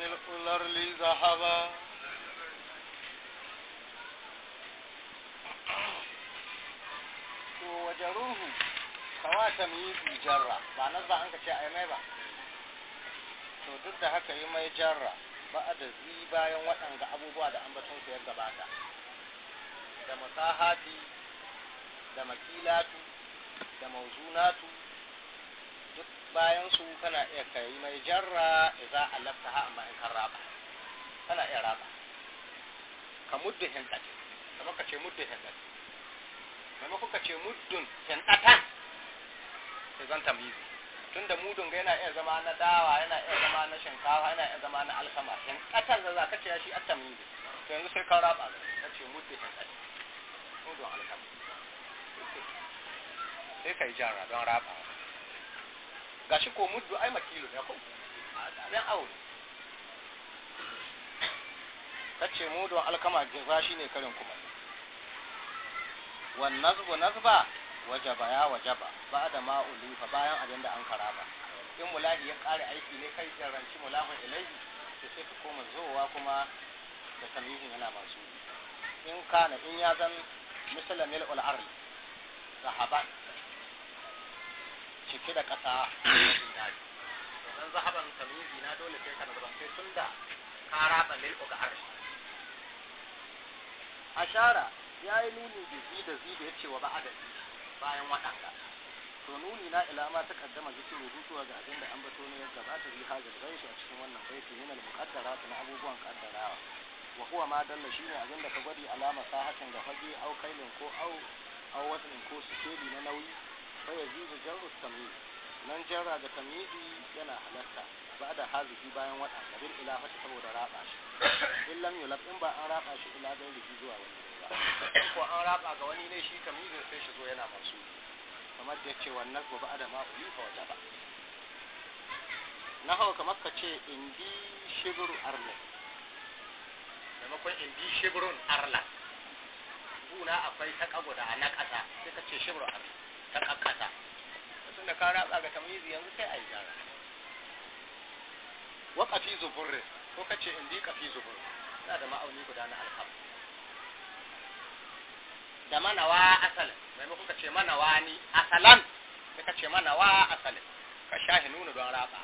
ملك الأرض ذهبا وجروه خواتم يزي جرة معنى ذا أنك شاء يميبا to duk da haka yi mai jarra ba da zi bayan waɗanda abubuwa da ambaton su ya gabata da masahati da makilatu da mauzunatu bayan su kana iya kai mai jarra idza alafta ha amma in kan raba kana iya raba ka muddu hinkati kamar ka ce muddu hinkati maimakon ka ce muddun hinkatan sai zan tamyizi tun da mudun ga yana iya zama na dawa yana iya zama na shinkafa yana iya zama na alkama hinkatan da za ka ce shi at-tamyizi to yanzu sai ka raba ka ce muddu hinkati mudun alkama sai ka yi jara don raba Ga shi ko muddu ai makilo ne ko abin awo kace muddu alkama ginza shine karin kuma wan nazbu nazba wajaba ya wajaba ba da ma ulifa bayan abin da an karaba in mulahi ya kare aiki ne kai jaranci mulahun ilaihi to sai ka koma zowa kuma da tamihin yana masu in kana in ya zan misalan mil'ul arli sahaban cike da ƙasa jin daɗi domin zahaban talubi na dole sai ka nazarance tun da ka raba milku ga arshi ashara ya yi nuni da zi da zi da ya ce wa ba'adadi bayan waɗanda to nuni na ilama ta kaddama zikiru zuwa ga abin da an bato ne ya gabata bi hajar gaishi a cikin wannan baiti min al-muqaddara na abubuwan kaddarawa wa huwa ma dalla shine abin da ka gwadi alama sa hakan ga fage au kailin ko au au wasalin ko sikeli na nauyi fa yazidu jarru tamyiz nan jarra da tamyizi yana halatta ba da hazihi bayan wata bil ilafati saboda raba shi in lam yulab in ba an raba shi ila gairihi zuwa wani ba ko an raba ga wani ne shi tamyizin sai shi zo yana masu kamar da yace wannan gobe adama uli fa wajaba na hau kamar ka ce in bi shibru arla maimakon bi shibrun arla kuna akwai ta kago da na kasa sai ka ce shibru arla ta kakkasa sun da ka ratsa ga tamyizi yanzu sai a yi gyara wa kafi zuburri ko kace in bi kafi zubur na da ma'auni guda na alkam da manawa asalin maimakon kace manawa ni asalan sai kace manawa asalin ka shahi nuna don raba.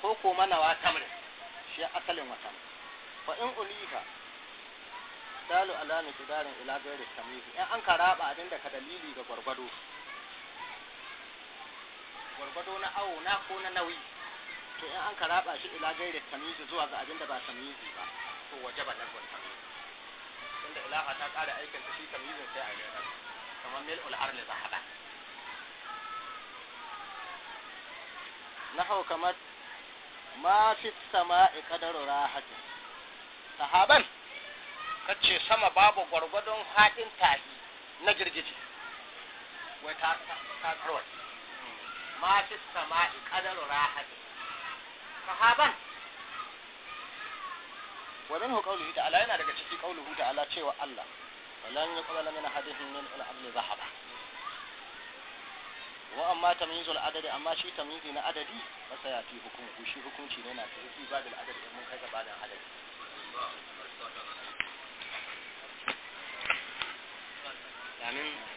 ko ko manawa tamrin shi asalin watan fa in ulifa yudalu ala miqdarin ila ghairi tamyiz in an ka raba abin da ka dalili ga gwargwado gwargwado na awo na ko na nauyi to in an ka raba shi ila ghairi tamyiz zuwa ga abin da ba tamyizi ba to wajaba na tamyiz inda ilaha ta kara aikin ta shi tamyizin sai a gaira kamar mil'ul arli za hada nahau kamar ma fi sama'i qadaru rahatin sahaban ta ce sama babu gwargwadon haɗin tahi na girgije. wai ta karwar ma fi sama'i ƙadaru rahati sahaban wa minhu qawluhu ta'ala yana daga ciki qawluhu ta'ala cewa Allah walan yaqbala min ahadihim min al zahaba wa amma tamyizul adadi amma shi tamyizi na adadi fa sayati hukum shi hukunci ne na tafi ibadul adadi mun kai da adadi Dann